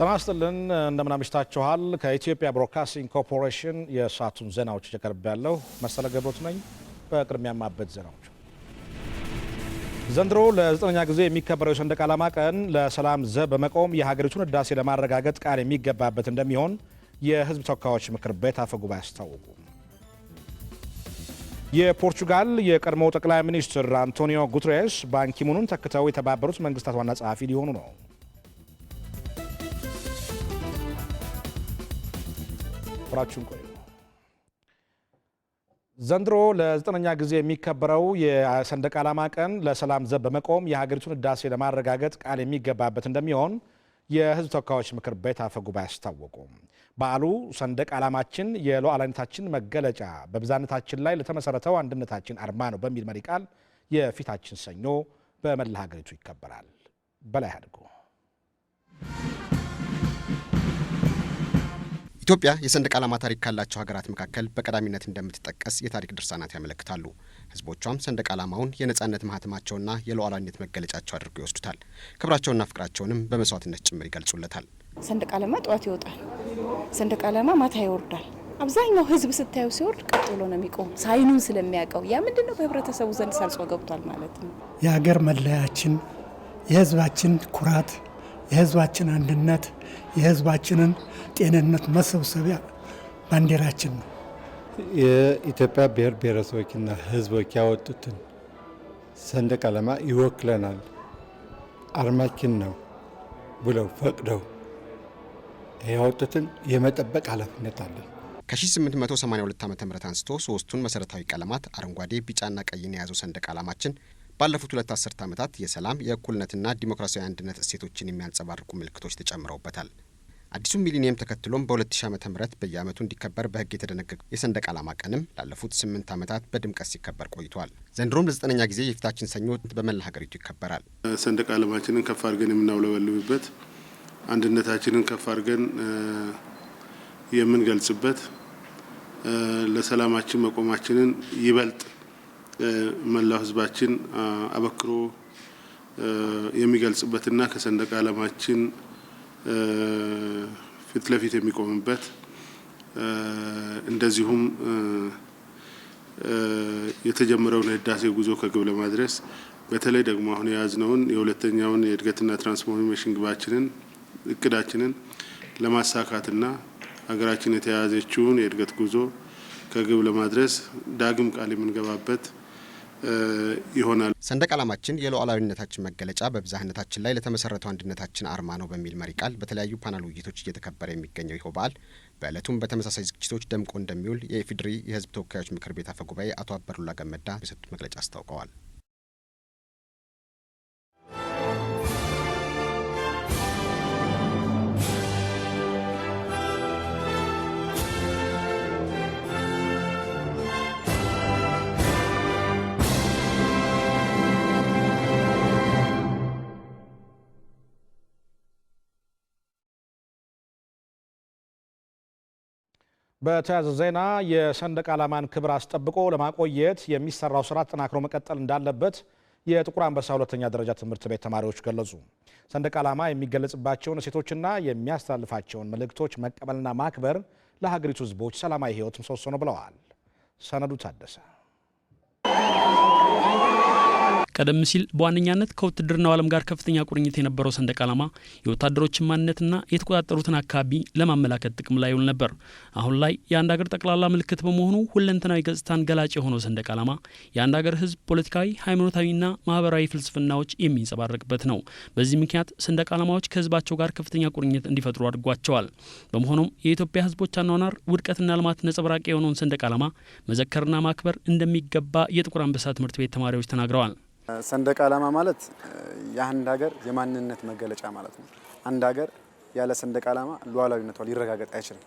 ጤና ይስጥልን እንደምን አምሽታችኋል። ከኢትዮጵያ ብሮድካስቲንግ ኮርፖሬሽን የሰዓቱን ዜናዎች እየቀርብ ያለው መሰለ ገብሮት ነኝ። በቅድሚያ ማበት ዜናዎች ዘንድሮ ለዘጠነኛ ጊዜ የሚከበረው የሰንደቅ ዓላማ ቀን ለሰላም ዘብ በመቆም የሀገሪቱን ህዳሴ ለማረጋገጥ ቃል የሚገባበት እንደሚሆን የህዝብ ተወካዮች ምክር ቤት አፈጉባ ጉባኤ አስታወቁ። የፖርቹጋል የቀድሞው ጠቅላይ ሚኒስትር አንቶኒዮ ጉትሬስ ባንኪሙኑን ተክተው የተባበሩት መንግስታት ዋና ጸሐፊ ሊሆኑ ነው። አብራችሁን ቆዩ። ዘንድሮ ለዘጠነኛ ጊዜ የሚከበረው የሰንደቅ ዓላማ ቀን ለሰላም ዘብ በመቆም የሀገሪቱን ህዳሴ ለማረጋገጥ ቃል የሚገባበት እንደሚሆን የህዝብ ተወካዮች ምክር ቤት አፈ ጉባኤ አስታወቁ። በዓሉ ሰንደቅ ዓላማችን የሉዓላዊነታችን መገለጫ በብዛነታችን ላይ ለተመሰረተው አንድነታችን አርማ ነው በሚል መሪ ቃል የፊታችን ሰኞ በመላ ሀገሪቱ ይከበራል። በላይ አድርጎ ኢትዮጵያ የሰንደቅ ዓላማ ታሪክ ካላቸው ሀገራት መካከል በቀዳሚነት እንደምትጠቀስ የታሪክ ድርሳናት ያመለክታሉ። ህዝቦቿም ሰንደቅ ዓላማውን የነጻነት ማህተማቸውና የሉዓላዊነት መገለጫቸው አድርገው ይወስዱታል። ክብራቸውና ፍቅራቸውንም በመስዋዕትነት ጭምር ይገልጹለታል። ሰንደቅ ዓላማ ጠዋት ይወጣል፣ ሰንደቅ ዓላማ ማታ ይወርዳል። አብዛኛው ህዝብ ስታየው ሲወርድ ቀጥ ብሎ ነው የሚቆም ሳይኑን ስለሚያውቀው ያ ምንድን ነው በህብረተሰቡ ዘንድ ሰርጾ ገብቷል ማለት ነው። የሀገር መለያችን የህዝባችን ኩራት የህዝባችን አንድነት የህዝባችንን ጤንነት መሰብሰቢያ ባንዲራችን ነው። የኢትዮጵያ ብሔር ብሔረሰቦችና ህዝቦች ያወጡትን ሰንደቅ ዓላማ ይወክለናል፣ አርማችን ነው ብለው ፈቅደው ያወጡትን የመጠበቅ ኃላፊነት አለን። ከ1882 ዓ ም አንስቶ ሶስቱን መሠረታዊ ቀለማት አረንጓዴ፣ ቢጫና ቀይን የያዘው ሰንደቅ ዓላማችን ባለፉት ሁለት አስርት ዓመታት የሰላም የእኩልነትና ዲሞክራሲያዊ አንድነት እሴቶችን የሚያንጸባርቁ ምልክቶች ተጨምረውበታል። አዲሱ ሚሊኒየም ተከትሎም በ2000 ዓ ም በየዓመቱ እንዲከበር በሕግ የተደነገገ የሰንደቅ ዓላማ ቀንም ላለፉት ስምንት ዓመታት በድምቀት ሲከበር ቆይቷል። ዘንድሮም ለዘጠነኛ ጊዜ የፊታችን ሰኞ በመላ ሀገሪቱ ይከበራል። ሰንደቅ ዓላማችንን ከፍ አድርገን የምናውለበልብበት፣ አንድነታችንን ከፍ አድርገን የምንገልጽበት፣ ለሰላማችን መቆማችንን ይበልጥ መላው ህዝባችን አበክሮ የሚገልጽበትና ከሰንደቅ ዓላማችን ፊት ለፊት የሚቆምበት እንደዚሁም የተጀመረውን ህዳሴ ጉዞ ከግብ ለማድረስ በተለይ ደግሞ አሁን የያዝነውን የሁለተኛውን የእድገትና ትራንስፎርሜሽን ግባችንን እቅዳችንን ለማሳካትና ሀገራችን የተያያዘችውን የእድገት ጉዞ ከግብ ለማድረስ ዳግም ቃል የምንገባበት ይሆናል። ሰንደቅ ዓላማችን የሉዓላዊነታችን መገለጫ በብዛህነታችን ላይ ለተመሰረተው አንድነታችን አርማ ነው በሚል መሪ ቃል በተለያዩ ፓናል ውይይቶች እየተከበረ የሚገኘው ይኸው በዓል በዕለቱም በተመሳሳይ ዝግጅቶች ደምቆ እንደሚውል የኢፌዴሪ የሕዝብ ተወካዮች ምክር ቤት አፈ ጉባኤ አቶ አበዱላ ገመዳ በሰጡት መግለጫ አስታውቀዋል። በተያያዘ ዜና የሰንደቅ ዓላማን ክብር አስጠብቆ ለማቆየት የሚሰራው ስራ ተጠናክሮ መቀጠል እንዳለበት የጥቁር አንበሳ ሁለተኛ ደረጃ ትምህርት ቤት ተማሪዎች ገለጹ። ሰንደቅ ዓላማ የሚገለጽባቸውን እሴቶችና የሚያስተላልፋቸውን መልእክቶች መቀበልና ማክበር ለሀገሪቱ ሕዝቦች ሰላማዊ ሕይወት ምሰሶ ነው ብለዋል። ሰነዱ ታደሰ ቀደም ሲል በዋነኛነት ከውትድርናው ዓለም ጋር ከፍተኛ ቁርኝት የነበረው ሰንደቅ ዓላማ የወታደሮችን ማንነትና የተቆጣጠሩትን አካባቢ ለማመላከት ጥቅም ላይ ይውል ነበር። አሁን ላይ የአንድ አገር ጠቅላላ ምልክት በመሆኑ ሁለንተናዊ ገጽታን ገላጭ የሆነው ሰንደቅ ዓላማ የአንድ ሀገር ሕዝብ ፖለቲካዊ፣ ሃይማኖታዊና ማህበራዊ ፍልስፍናዎች የሚንጸባረቅበት ነው። በዚህ ምክንያት ሰንደቅ ዓላማዎች ከህዝባቸው ጋር ከፍተኛ ቁርኝት እንዲፈጥሩ አድርጓቸዋል። በመሆኑም የኢትዮጵያ ህዝቦች አኗኗር ውድቀትና ልማት ነጸብራቂ የሆነውን ሰንደቅ ዓላማ መዘከርና ማክበር እንደሚገባ የጥቁር አንበሳ ትምህርት ቤት ተማሪዎች ተናግረዋል። ሰንደቅ ዓላማ ማለት የአንድ ሀገር የማንነት መገለጫ ማለት ነው። አንድ ሀገር ያለ ሰንደቅ ዓላማ ሉዓላዊነቷ ሊረጋገጥ አይችልም።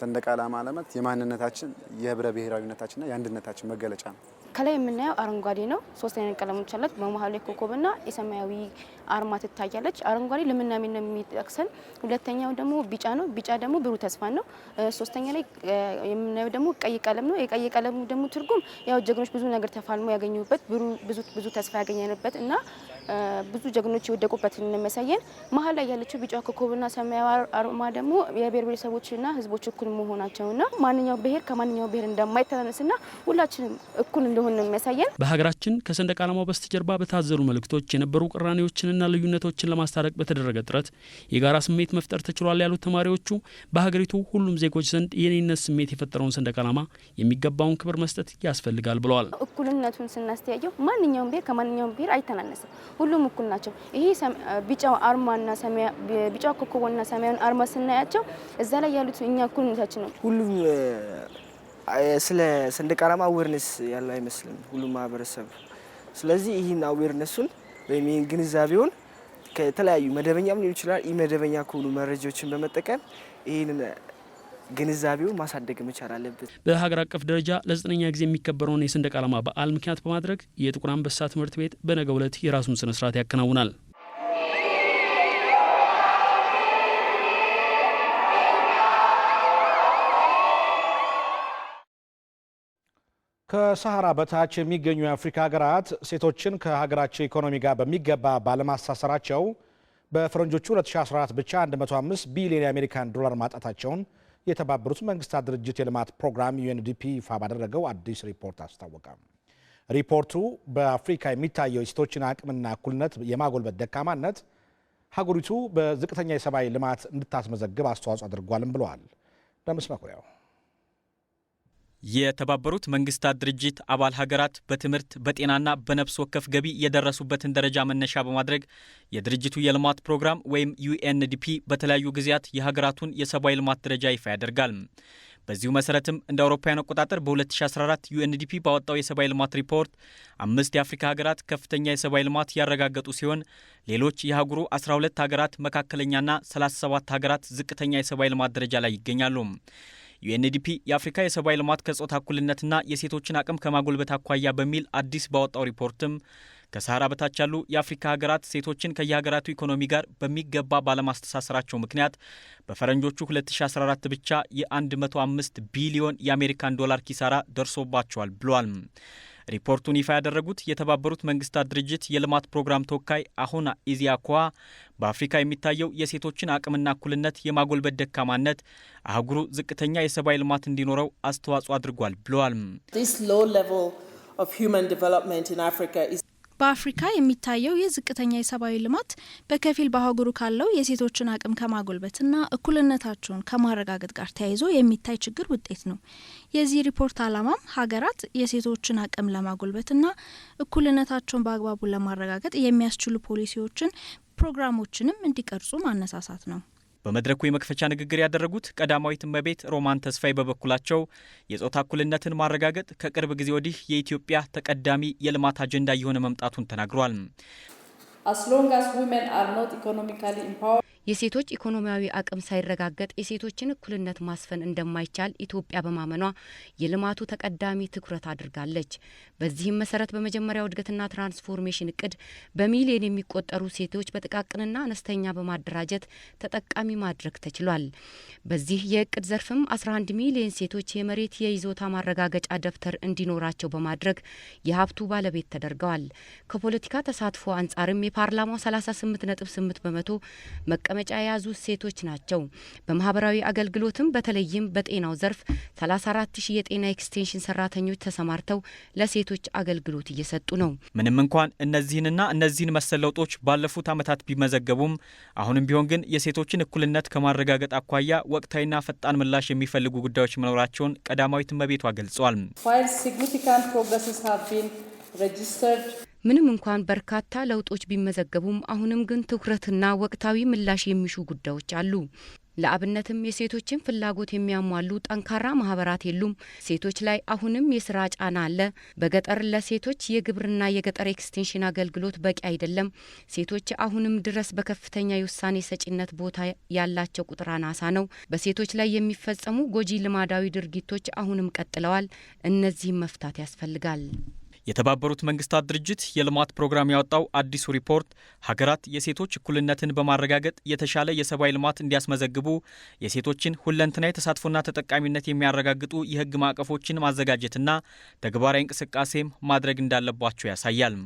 ሰንደቅ ዓላማ ማለት የማንነታችን የህብረ ብሔራዊነታችንና የአንድነታችን መገለጫ ነው። ከላይ የምናየው አረንጓዴ ነው። ሶስት አይነት ቀለሞች አላት። በመሀል ላይ ኮከብና የሰማያዊ አርማ ትታያለች። አረንጓዴ ልምላሜ ነው የሚጠቅሰን። ሁለተኛው ደግሞ ቢጫ ነው። ቢጫ ደግሞ ብሩህ ተስፋ ነው። ሶስተኛ ላይ የምናየው ደግሞ ቀይ ቀለም ነው። የቀይ ቀለሙ ደግሞ ትርጉም ያው ጀግኖች ብዙ ነገር ተፋልሞ ያገኙበት ብዙ ተስፋ ያገኘንበት እና ብዙ ጀግኖች የወደቁበትን የሚያሳየን መሀል ላይ ያለችው ቢጫ ኮከብና ሰማያዊ አርማ ደግሞ የብሔር ብሔረሰቦችና ህዝቦች እኩል መሆናቸውና ማንኛው ብሔር ከማንኛው ብሔር እንደማይተናነስና ሁላችንም እኩል እንደሆን የሚያሳየን በሀገራችን ከሰንደቅ ዓላማው በስተጀርባ በታዘሉ መልእክቶች የነበሩ ቅራኔዎችንና ልዩነቶችን ለማስታረቅ በተደረገ ጥረት የጋራ ስሜት መፍጠር ተችሏል ያሉት ተማሪዎቹ በሀገሪቱ ሁሉም ዜጎች ዘንድ የኔነት ስሜት የፈጠረውን ሰንደቅ ዓላማ የሚገባውን ክብር መስጠት ያስፈልጋል ብለዋል። እኩልነቱን ስናስተያየው ማንኛውም ብሔር ከማንኛውም ብሔር አይተናነስም። ሁሉም እኩል ናቸው። ይሄ ቢጫው አርማና ቢጫው ኮከብና ሰማያዊን አርማ ስናያቸው እዛ ላይ ያሉት እኛ እኩልነታችን ነው። ሁሉም ስለ ሰንደቅ ዓላማ አዌርነስ ያለው አይመስልም ሁሉም ማህበረሰብ። ስለዚህ ይህን አዌርነሱን ወይም ይህን ግንዛቤውን ከተለያዩ መደበኛም ሊሆን ይችላል፣ ኢመደበኛ መደበኛ ከሆኑ መረጃዎችን በመጠቀም ይህንን ግንዛቤው ማሳደግ መቻል አለበት። በሀገር አቀፍ ደረጃ ለዘጠነኛ ጊዜ የሚከበረውን የሰንደቅ ዓላማ በዓል ምክንያት በማድረግ የጥቁር አንበሳ ትምህርት ቤት በነገ ዕለት የራሱን ስነ ስርዓት ያከናውናል። ከሰሃራ በታች የሚገኙ የአፍሪካ ሀገራት ሴቶችን ከሀገራቸው ኢኮኖሚ ጋር በሚገባ ባለማሳሰራቸው በፈረንጆቹ 2014 ብቻ 105 ቢሊዮን የአሜሪካን ዶላር ማጣታቸውን የተባበሩት መንግስታት ድርጅት የልማት ፕሮግራም ዩኤንዲፒ ይፋ ባደረገው አዲስ ሪፖርት አስታወቀ። ሪፖርቱ በአፍሪካ የሚታየው የሴቶችን አቅምና እኩልነት የማጎልበት ደካማነት ሀገሪቱ በዝቅተኛ የሰብአዊ ልማት እንድታስመዘግብ አስተዋጽኦ አድርጓልም ብለዋል። ደምስ መኩሪያው የተባበሩት መንግስታት ድርጅት አባል ሀገራት በትምህርት በጤናና በነፍስ ወከፍ ገቢ የደረሱበትን ደረጃ መነሻ በማድረግ የድርጅቱ የልማት ፕሮግራም ወይም ዩኤንዲፒ በተለያዩ ጊዜያት የሀገራቱን የሰብአዊ ልማት ደረጃ ይፋ ያደርጋል። በዚሁ መሰረትም እንደ አውሮፓውያን አቆጣጠር በ2014 ዩኤንዲፒ ባወጣው የሰብአዊ ልማት ሪፖርት አምስት የአፍሪካ ሀገራት ከፍተኛ የሰብአዊ ልማት ያረጋገጡ ሲሆን ሌሎች የአህጉሩ 12 ሀገራት መካከለኛና 37 ሀገራት ዝቅተኛ የሰብአዊ ልማት ደረጃ ላይ ይገኛሉ። ዩኤንዲፒ የአፍሪካ የሰብአዊ ልማት ከጾታ እኩልነትና የሴቶችን አቅም ከማጎልበት አኳያ በሚል አዲስ ባወጣው ሪፖርትም ከሰሃራ በታች ያሉ የአፍሪካ ሀገራት ሴቶችን ከየሀገራቱ ኢኮኖሚ ጋር በሚገባ ባለማስተሳሰራቸው ምክንያት በፈረንጆቹ 2014 ብቻ የ105 ቢሊዮን የአሜሪካን ዶላር ኪሳራ ደርሶባቸዋል ብሏል። ሪፖርቱን ይፋ ያደረጉት የተባበሩት መንግስታት ድርጅት የልማት ፕሮግራም ተወካይ አሁና ኢዚያኳ በአፍሪካ የሚታየው የሴቶችን አቅምና እኩልነት የማጎልበት ደካማነት አህጉሩ ዝቅተኛ የሰብአዊ ልማት እንዲኖረው አስተዋጽኦ አድርጓል ብለዋል። በአፍሪካ የሚታየው የዝቅተኛ የሰብአዊ ልማት በከፊል በአህጉሩ ካለው የሴቶችን አቅም ከማጎልበትና እኩልነታቸውን ከማረጋገጥ ጋር ተያይዞ የሚታይ ችግር ውጤት ነው። የዚህ ሪፖርት ዓላማም ሀገራት የሴቶችን አቅም ለማጎልበትና እኩልነታቸውን በአግባቡ ለማረጋገጥ የሚያስችሉ ፖሊሲዎችን፣ ፕሮግራሞችንም እንዲቀርጹ ማነሳሳት ነው። በመድረኩ የመክፈቻ ንግግር ያደረጉት ቀዳማዊት እመቤት ሮማን ተስፋዬ በበኩላቸው የጾታ እኩልነትን ማረጋገጥ ከቅርብ ጊዜ ወዲህ የኢትዮጵያ ተቀዳሚ የልማት አጀንዳ እየሆነ መምጣቱን ተናግሯል። የሴቶች ኢኮኖሚያዊ አቅም ሳይረጋገጥ የሴቶችን እኩልነት ማስፈን እንደማይቻል ኢትዮጵያ በማመኗ የልማቱ ተቀዳሚ ትኩረት አድርጋለች። በዚህም መሰረት በመጀመሪያው እድገትና ትራንስፎርሜሽን እቅድ በሚሊዮን የሚቆጠሩ ሴቶች በጥቃቅንና አነስተኛ በማደራጀት ተጠቃሚ ማድረግ ተችሏል። በዚህ የእቅድ ዘርፍም 11 ሚሊዮን ሴቶች የመሬት የይዞታ ማረጋገጫ ደብተር እንዲኖራቸው በማድረግ የሀብቱ ባለቤት ተደርገዋል። ከፖለቲካ ተሳትፎ አንጻርም የፓርላማው 38.8 በመቶ መቀመጫ የያዙ ሴቶች ናቸው። በማህበራዊ አገልግሎትም በተለይም በጤናው ዘርፍ 34 ሺህ የጤና ኤክስቴንሽን ሰራተኞች ተሰማርተው ለሴቶች አገልግሎት እየሰጡ ነው። ምንም እንኳን እነዚህንና እነዚህን መሰል ለውጦች ባለፉት ዓመታት ቢመዘገቡም አሁንም ቢሆን ግን የሴቶችን እኩልነት ከማረጋገጥ አኳያ ወቅታዊና ፈጣን ምላሽ የሚፈልጉ ጉዳዮች መኖራቸውን ቀዳማዊት እመቤቷ ገልጸዋል። ምንም እንኳን በርካታ ለውጦች ቢመዘገቡም አሁንም ግን ትኩረትና ወቅታዊ ምላሽ የሚሹ ጉዳዮች አሉ። ለአብነትም የሴቶችን ፍላጎት የሚያሟሉ ጠንካራ ማህበራት የሉም፣ ሴቶች ላይ አሁንም የስራ ጫና አለ፣ በገጠር ለሴቶች የግብርና የገጠር ኤክስቴንሽን አገልግሎት በቂ አይደለም፣ ሴቶች አሁንም ድረስ በከፍተኛ የውሳኔ ሰጪነት ቦታ ያላቸው ቁጥር አናሳ ነው፣ በሴቶች ላይ የሚፈጸሙ ጎጂ ልማዳዊ ድርጊቶች አሁንም ቀጥለዋል። እነዚህም መፍታት ያስፈልጋል። የተባበሩት መንግስታት ድርጅት የልማት ፕሮግራም ያወጣው አዲሱ ሪፖርት ሀገራት የሴቶች እኩልነትን በማረጋገጥ የተሻለ የሰብአዊ ልማት እንዲያስመዘግቡ የሴቶችን ሁለንትና የተሳትፎና ተጠቃሚነት የሚያረጋግጡ የህግ ማዕቀፎችን ማዘጋጀትና ተግባራዊ እንቅስቃሴም ማድረግ እንዳለባቸው ያሳያል።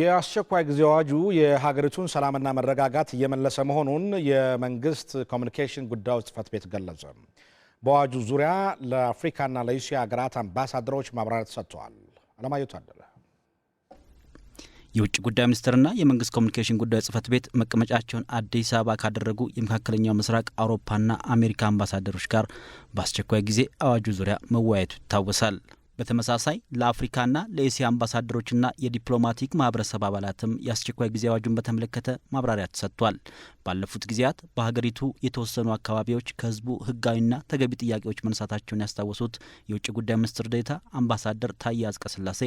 የአስቸኳይ ጊዜ አዋጁ የሀገሪቱን ሰላምና መረጋጋት እየመለሰ መሆኑን የመንግስት ኮሚኒኬሽን ጉዳዮች ጽህፈት ቤት ገለጸ። በአዋጁ ዙሪያ ለአፍሪካና ለእስያ ሀገራት አምባሳደሮች ማብራሪያ ተሰጥተዋል። አለማየሁ ታደለ የውጭ ጉዳይ ሚኒስትርና የመንግስት ኮሚኒኬሽን ጉዳይ ጽህፈት ቤት መቀመጫቸውን አዲስ አበባ ካደረጉ የመካከለኛው ምስራቅ አውሮፓና አሜሪካ አምባሳደሮች ጋር በአስቸኳይ ጊዜ አዋጁ ዙሪያ መወያየቱ ይታወሳል። በተመሳሳይ ለአፍሪካና ለኤስያ አምባሳደሮችና የዲፕሎማቲክ ማህበረሰብ አባላትም የአስቸኳይ ጊዜ አዋጁን በተመለከተ ማብራሪያ ተሰጥቷል። ባለፉት ጊዜያት በሀገሪቱ የተወሰኑ አካባቢዎች ከህዝቡ ህጋዊና ተገቢ ጥያቄዎች መነሳታቸውን ያስታወሱት የውጭ ጉዳይ ሚኒስትር ዴኤታ አምባሳደር ታዬ አጽቀሥላሴ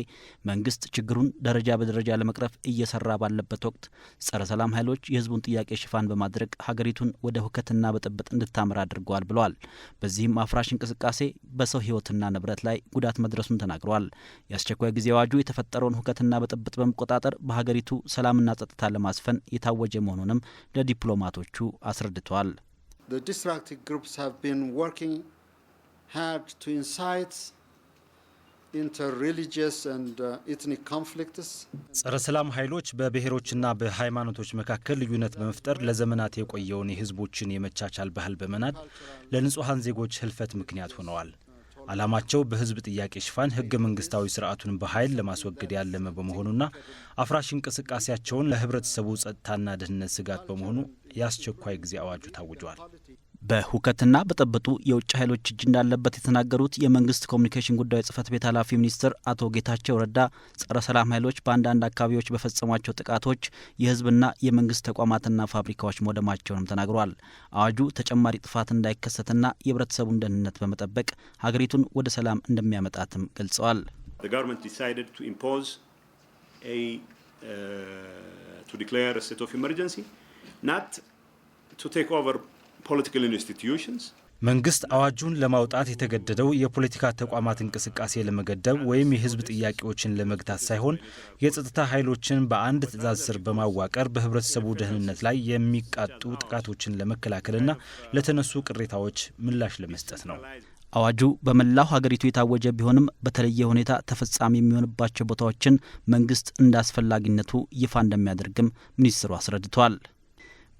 መንግስት ችግሩን ደረጃ በደረጃ ለመቅረፍ እየሰራ ባለበት ወቅት ጸረ ሰላም ኃይሎች የህዝቡን ጥያቄ ሽፋን በማድረግ ሀገሪቱን ወደ ሁከትና ብጥብጥ እንድታምር አድርገዋል ብለዋል። በዚህም አፍራሽ እንቅስቃሴ በሰው ህይወትና ንብረት ላይ ጉዳት መድረ መድረሱን ተናግረዋል። የአስቸኳይ ጊዜ አዋጁ የተፈጠረውን ሁከትና ብጥብጥ በመቆጣጠር በሀገሪቱ ሰላምና ጸጥታ ለማስፈን የታወጀ መሆኑንም ለዲፕሎማቶቹ አስረድተዋል። uh, ጸረ ሰላም ኃይሎች በብሔሮችና በሃይማኖቶች መካከል ልዩነት በመፍጠር ለዘመናት የቆየውን የህዝቦችን የመቻቻል ባህል በመናድ ለንጹሐን ዜጎች ህልፈት ምክንያት ሆነዋል። ዓላማቸው በህዝብ ጥያቄ ሽፋን ህገ መንግስታዊ ስርዓቱን በኃይል ለማስወገድ ያለመ በመሆኑና አፍራሽ እንቅስቃሴያቸውን ለህብረተሰቡ ጸጥታና ደህንነት ስጋት በመሆኑ የአስቸኳይ ጊዜ አዋጁ ታውጇል። በሁከትና በጠበጡ የውጭ ኃይሎች እጅ እንዳለበት የተናገሩት የመንግስት ኮሚኒኬሽን ጉዳዮች ጽህፈት ቤት ኃላፊ ሚኒስትር አቶ ጌታቸው ረዳ ጸረ ሰላም ኃይሎች በአንዳንድ አካባቢዎች በፈጸሟቸው ጥቃቶች የህዝብና የመንግስት ተቋማትና ፋብሪካዎች መውደማቸውንም ተናግረዋል። አዋጁ ተጨማሪ ጥፋት እንዳይከሰትና የህብረተሰቡን ደህንነት በመጠበቅ ሀገሪቱን ወደ ሰላም እንደሚያመጣትም ገልጸዋል። ቱ ዲክሌር ስቴት ኦፍ ኢመርጀንሲ ናት ቱ ቴክ ኦቨር መንግስት አዋጁን ለማውጣት የተገደደው የፖለቲካ ተቋማት እንቅስቃሴ ለመገደብ ወይም የህዝብ ጥያቄዎችን ለመግታት ሳይሆን የጸጥታ ኃይሎችን በአንድ ትዕዛዝ ስር በማዋቀር በህብረተሰቡ ደህንነት ላይ የሚቃጡ ጥቃቶችን ለመከላከልና ለተነሱ ቅሬታዎች ምላሽ ለመስጠት ነው። አዋጁ በመላው ሀገሪቱ የታወጀ ቢሆንም በተለየ ሁኔታ ተፈጻሚ የሚሆንባቸው ቦታዎችን መንግስት እንደ አስፈላጊነቱ ይፋ እንደሚያደርግም ሚኒስትሩ አስረድቷል።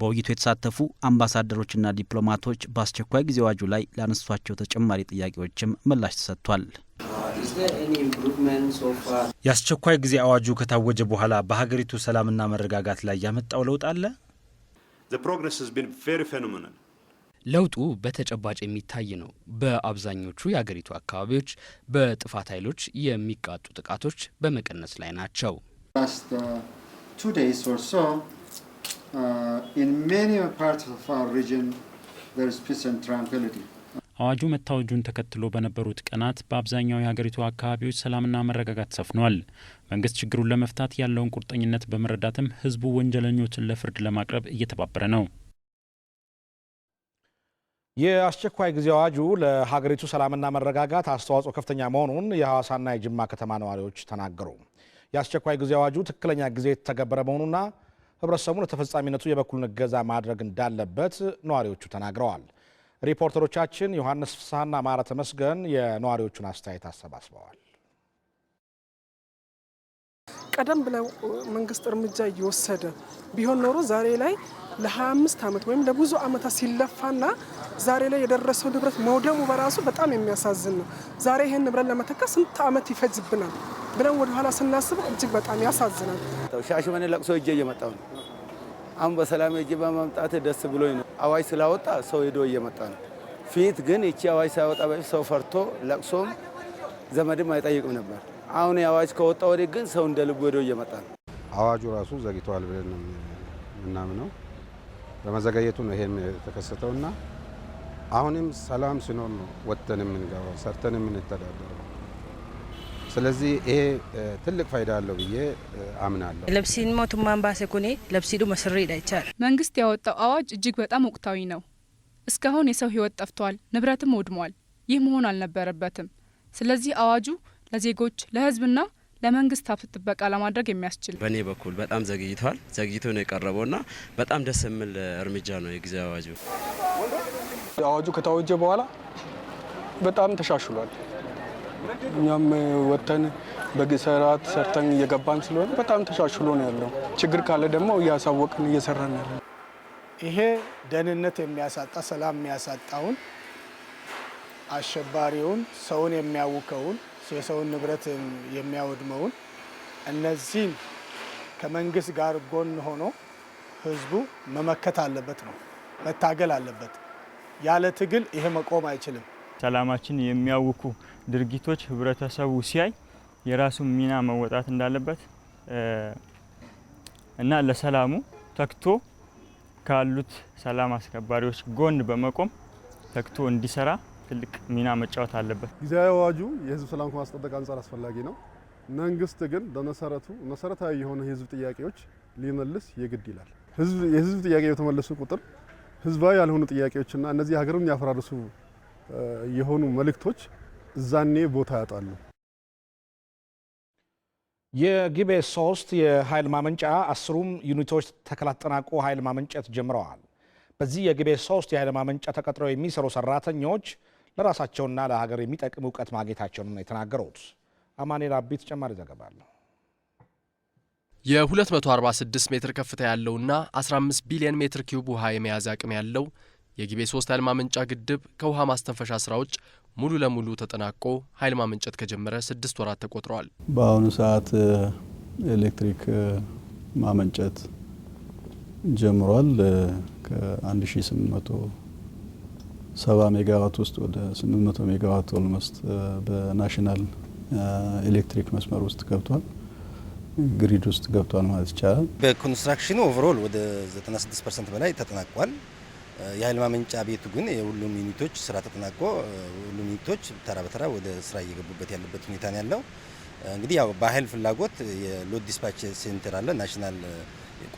በውይይቱ የተሳተፉ አምባሳደሮችና ዲፕሎማቶች በአስቸኳይ ጊዜ አዋጁ ላይ ላነሷቸው ተጨማሪ ጥያቄዎችም ምላሽ ተሰጥቷል። የአስቸኳይ ጊዜ አዋጁ ከታወጀ በኋላ በሀገሪቱ ሰላምና መረጋጋት ላይ ያመጣው ለውጥ አለ? ለውጡ በተጨባጭ የሚታይ ነው። በአብዛኞቹ የአገሪቱ አካባቢዎች በጥፋት ኃይሎች የሚቃጡ ጥቃቶች በመቀነስ ላይ ናቸው። uh, አዋጁ መታወጁን ተከትሎ በነበሩት ቀናት በአብዛኛው የሀገሪቱ አካባቢዎች ሰላምና መረጋጋት ሰፍኗል። መንግስት ችግሩን ለመፍታት ያለውን ቁርጠኝነት በመረዳትም ህዝቡ ወንጀለኞችን ለፍርድ ለማቅረብ እየተባበረ ነው። የአስቸኳይ ጊዜ አዋጁ ለሀገሪቱ ሰላምና መረጋጋት አስተዋጽኦ ከፍተኛ መሆኑን የሐዋሳና የጅማ ከተማ ነዋሪዎች ተናገሩ። የአስቸኳይ ጊዜ አዋጁ ትክክለኛ ጊዜ የተተገበረ መሆኑና ህብረተሰቡ ለተፈጻሚነቱ የበኩሉን እገዛ ማድረግ እንዳለበት ነዋሪዎቹ ተናግረዋል። ሪፖርተሮቻችን ዮሐንስ ፍስሐና ማረ ተመስገን የነዋሪዎቹን አስተያየት አሰባስበዋል። ቀደም ብለው መንግስት እርምጃ እየወሰደ ቢሆን ኖሮ ዛሬ ላይ ለ25 ዓመት ወይም ለብዙ ዓመታት ሲለፋና ዛሬ ላይ የደረሰው ንብረት መውደሙ በራሱ በጣም የሚያሳዝን ነው። ዛሬ ይህን ንብረት ለመተካ ስንት ዓመት ይፈጅብናል ብለን ወደኋላ ስናስብ እጅግ በጣም ያሳዝናል። ሻሸመኔ ለቅሶ እጄ እየመጣው ነው። አሁን በሰላም እጄ በመምጣት ደስ ብሎኝ ነው። አዋጅ ስላወጣ ሰው ሄዶ እየመጣ ነው። ፊት ግን ይቺ አዋጅ ሳያወጣ በፊት ሰው ፈርቶ ለቅሶም ዘመድም አይጠይቅም ነበር። አሁን አዋጅ ከወጣ ወዲህ ግን ሰው እንደ ልብ ወደው እየመጣ ነው። አዋጁ ራሱ ዘግይተዋል ብለን የምናምነው። በመዘገየቱ ነው ይሄም የተከሰተውና አሁንም ሰላም ሲኖር ነው ወጥተን የምንገባው ሰርተን የምንተዳደረው። ስለዚህ ይሄ ትልቅ ፋይዳ አለው ብዬ አምናለሁ። ለብሲን ሞቱማን ባሴ ኩኔ ለብሲዱ መስሪ ይቻል መንግስት ያወጣው አዋጅ እጅግ በጣም ወቅታዊ ነው። እስካሁን የሰው ህይወት ጠፍቷል፣ ንብረትም ወድሟል። ይህ መሆን አልነበረበትም። ስለዚህ አዋጁ ለዜጎች ለህዝብና ለመንግስት ሀብት ጥበቃ ለማድረግ የሚያስችል በእኔ በኩል በጣም ዘግይቷል። ዘግይቶ ነው የቀረበውና በጣም ደስ የሚል እርምጃ ነው የጊዜ አዋጁ። አዋጁ ከታወጀ በኋላ በጣም ተሻሽሏል። እኛም ወጥተን በስርዓት ሰርተን እየገባን ስለሆነ በጣም ተሻሽሎ ነው ያለው። ችግር ካለ ደግሞ እያሳወቅን እየሰራን ያለ ይሄ ደህንነት የሚያሳጣ ሰላም የሚያሳጣውን አሸባሪውን ሰውን የሚያውከውን የሰውን ንብረት የሚያወድመውን እነዚህም ከመንግስት ጋር ጎን ሆኖ ህዝቡ መመከት አለበት ነው መታገል አለበት። ያለ ትግል ይሄ መቆም አይችልም። ሰላማችን የሚያውኩ ድርጊቶች ህብረተሰቡ ሲያይ የራሱን ሚና መወጣት እንዳለበት እና ለሰላሙ ተክቶ ካሉት ሰላም አስከባሪዎች ጎን በመቆም ተክቶ እንዲሰራ ትልቅ ሚና መጫወት አለበት። ጊዜያዊ አዋጁ የህዝብ ሰላም ከማስጠበቅ አንጻር አስፈላጊ ነው። መንግስት ግን በመሰረቱ መሰረታዊ የሆነ የህዝብ ጥያቄዎች ሊመልስ የግድ ይላል። የህዝብ ጥያቄ በተመለሱ ቁጥር ህዝባዊ ያልሆኑ ጥያቄዎችና እነዚህ ሀገርን ያፈራርሱ የሆኑ መልእክቶች እዛኔ ቦታ ያጣሉ። የጊቤ ሶስት የኃይል ማመንጫ አስሩም ዩኒቶች ተከላጠናቁ ኃይል ማመንጨት ጀምረዋል። በዚህ የጊቤ ሶስት የኃይል ማመንጫ ተቀጥረው የሚሰሩ ሰራተኞች ለራሳቸውና ለሀገር የሚጠቅም እውቀት ማግኘታቸውን ነው የተናገሩት። አማኔ ራቢ ተጨማሪ ዘገባ አለው። የ246 ሜትር ከፍታ ያለውና 15 ቢሊዮን ሜትር ኪዩብ ውሃ የመያዝ አቅም ያለው የጊቤ ሶስት ኃይል ማመንጫ ግድብ ከውሃ ማስተንፈሻ ስራዎች ሙሉ ለሙሉ ተጠናቆ ኃይል ማመንጨት ከጀመረ ስድስት ወራት ተቆጥረዋል። በአሁኑ ሰዓት ኤሌክትሪክ ማመንጨት ጀምሯል። ከ1800 ሰባ ሜጋዋት ውስጥ ወደ መቶ ሜጋዋት ኦልሞስት በናሽናል ኤሌክትሪክ መስመር ውስጥ ገብቷል፣ ግሪድ ውስጥ ገብቷል ማለት ይቻላል። በኮንስትራክሽኑ ኦቨሮል ወደ 96 ፐርሰንት በላይ ተጠናቋል። የኃይል ማመንጫ ቤቱ ግን የሁሉም ዩኒቶች ስራ ተጠናቆ ሁሉም ዩኒቶች ተራ በተራ ወደ ስራ እየገቡበት ያለበት ሁኔታ ነው ያለው። እንግዲህ ያው በኃይል ፍላጎት የሎድ ዲስፓች ሴንተር አለ ናሽናል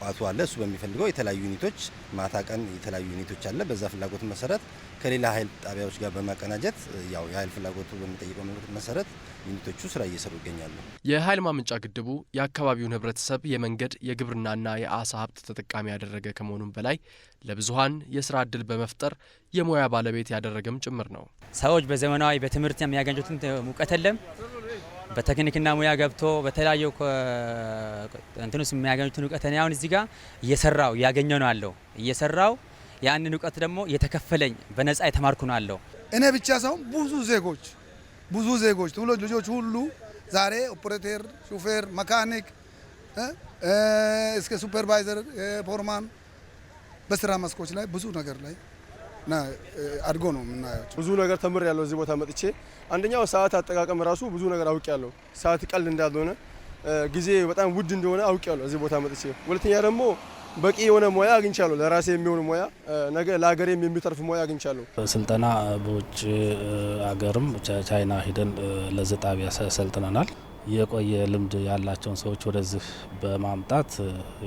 ቋቱ አለ። እሱ በሚፈልገው የተለያዩ ዩኒቶች ማታ ቀን የተለያዩ ዩኒቶች አለ። በዛ ፍላጎት መሰረት ከሌላ ኃይል ጣቢያዎች ጋር በማቀናጀት ያው የኃይል ፍላጎቱ በሚጠይቀው መሰረት ዩኒቶቹ ስራ እየሰሩ ይገኛሉ። የኃይል ማመንጫ ግድቡ የአካባቢውን ህብረተሰብ የመንገድ የግብርናና የአሳ ሀብት ተጠቃሚ ያደረገ ከመሆኑም በላይ ለብዙሀን የስራ እድል በመፍጠር የሙያ ባለቤት ያደረገም ጭምር ነው። ሰዎች በዘመናዊ በትምህርት የሚያገኙትን ሙቀት የለም በቴክኒክና ሙያ ገብቶ በተለያዩ እንትን ውስጥ የሚያገኙትን እውቀት እኔ አሁን እዚህ ጋር እየሰራው እያገኘ ነው አለው እየሰራው ያንን እውቀት ደግሞ የተከፈለኝ በነጻ የተማርኩ ነው አለው። እኔ ብቻ ሳይሆን ብዙ ዜጎች ብዙ ዜጎች ትብሎች ልጆች ሁሉ ዛሬ ኦፕሬተር፣ ሹፌር፣ መካኒክ እስከ ሱፐርቫይዘር ፎርማን በስራ መስኮች ላይ ብዙ ነገር ላይ እና አድጎ ነው የምናያቸው። ብዙ ነገር ተምር ያለው እዚህ ቦታ መጥቼ አንደኛው ሰዓት አጠቃቀም ራሱ ብዙ ነገር አውቅ ያለው ሰዓት ቀልድ እንዳልሆነ ጊዜ በጣም ውድ እንደሆነ አውቅ ያለው እዚህ ቦታ መጥቼ፣ ሁለተኛ ደግሞ በቂ የሆነ ሙያ አግኝቻለሁ። ለራሴ የሚሆን ሙያ ነገ ለሀገሬም የሚተርፍ ሙያ አግኝቻለሁ። ስልጠና በውጭ ሀገርም ቻይና ሂደን ለዚህ ሰልጥነናል። የቆየ ልምድ ያላቸውን ሰዎች ወደዚህ በማምጣት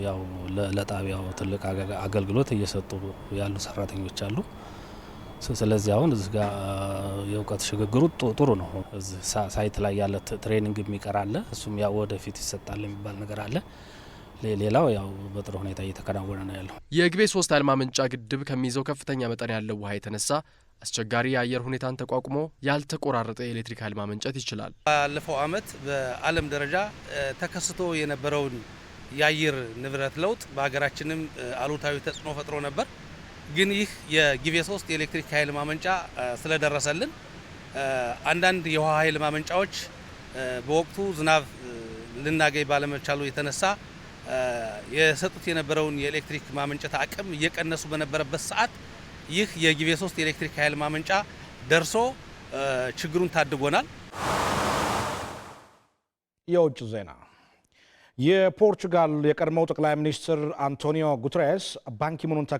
ያው ለጣቢያው ትልቅ አገልግሎት እየሰጡ ያሉ ሰራተኞች አሉ። ስለዚህ አሁን እዚህ ጋር የእውቀት ሽግግሩ ጥሩ ነው። እዚህ ሳይት ላይ ያለ ትሬኒንግ የሚቀር አለ። እሱም ያው ወደፊት ይሰጣል የሚባል ነገር አለ። ሌላው ያው በጥሩ ሁኔታ እየተከናወነ ነው ያለው። የግቤ ሶስት ኃይል ማመንጫ ግድብ ከሚይዘው ከፍተኛ መጠን ያለው ውሃ የተነሳ አስቸጋሪ የአየር ሁኔታን ተቋቁሞ ያልተቆራረጠ የኤሌክትሪክ ኃይል ማመንጨት ይችላል። ባለፈው ዓመት በዓለም ደረጃ ተከስቶ የነበረውን የአየር ንብረት ለውጥ በሀገራችንም አሉታዊ ተጽዕኖ ፈጥሮ ነበር። ግን ይህ የጊቤ ሶስት የኤሌክትሪክ ኃይል ማመንጫ ስለደረሰልን አንዳንድ የውሃ ኃይል ማመንጫዎች በወቅቱ ዝናብ ልናገኝ ባለመቻሉ የተነሳ የሰጡት የነበረውን የኤሌክትሪክ ማመንጨት አቅም እየቀነሱ በነበረበት ሰዓት ይህ የጊቤ ሶስት የኤሌክትሪክ ኃይል ማመንጫ ደርሶ ችግሩን ታድጎናል። የውጭ ዜና የፖርቹጋል የቀድሞው ጠቅላይ ሚኒስትር አንቶኒዮ ጉተሬስ ባንኪሙኑን